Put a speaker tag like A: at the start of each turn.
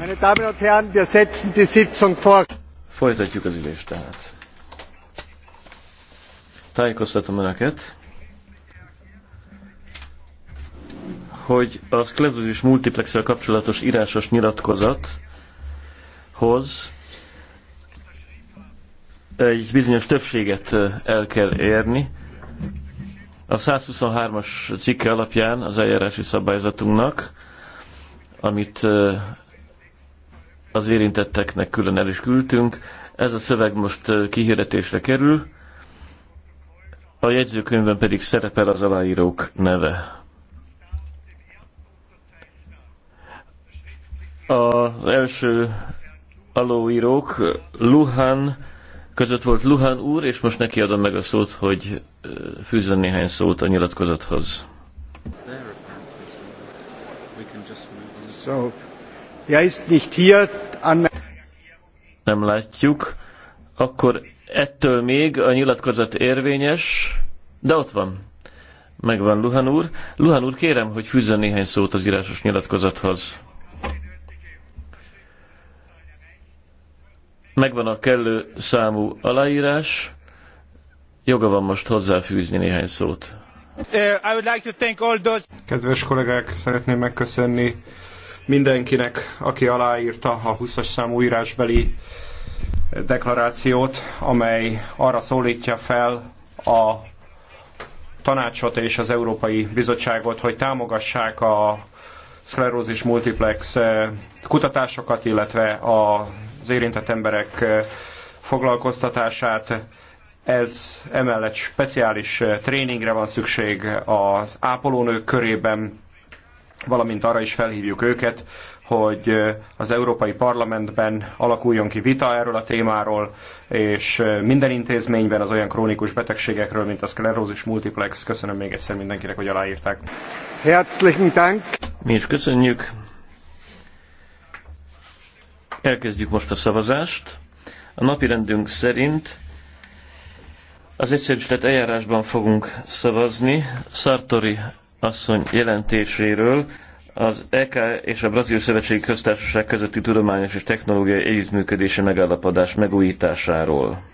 A: Meine Damen und Herren, wir setzen die
B: Sitzung fort. Folytatjuk az ülést tehát. Tájékoztatom Önöket, hogy a szklerózis multiplexel kapcsolatos írásos nyilatkozathoz egy bizonyos többséget el kell érni. A 123-as cikke alapján az eljárási szabályzatunknak, amit az érintetteknek külön el is küldtünk. Ez a szöveg most kihirdetésre kerül, a jegyzőkönyvben pedig szerepel az aláírók neve. Az első alóírók Luhan, között volt Luhan úr, és most neki adom meg a szót, hogy fűzön néhány szót a nyilatkozathoz.
A: So, Er
B: Nem látjuk. Akkor ettől még a nyilatkozat érvényes, de ott van. Megvan Luhan úr. Luhan úr, kérem, hogy fűzzön néhány szót az írásos nyilatkozathoz. Megvan a kellő számú aláírás. Joga van most hozzáfűzni néhány szót.
A: Uh, Kedves kollégák, szeretném megköszönni mindenkinek, aki aláírta a 20-as számú írásbeli deklarációt, amely arra szólítja fel a tanácsot és az Európai Bizottságot, hogy támogassák a szklerózis multiplex eh, kutatásokat, illetve az érintett emberek eh, foglalkoztatását. Ez emellett speciális eh, tréningre van szükség az ápolónők körében, valamint arra is felhívjuk őket, hogy az Európai Parlamentben alakuljon ki vita erről a témáról, és minden intézményben az olyan krónikus betegségekről, mint a szklerózis multiplex. Köszönöm még egyszer mindenkinek, hogy aláírták. Herzlichen Dank!
B: Mi is köszönjük. Elkezdjük most a szavazást. A rendünk szerint az egyszerűsített eljárásban fogunk szavazni. Sartori asszony jelentéséről az EK és a Brazil Szövetségi Köztársaság közötti tudományos és technológiai együttműködési megállapodás megújításáról.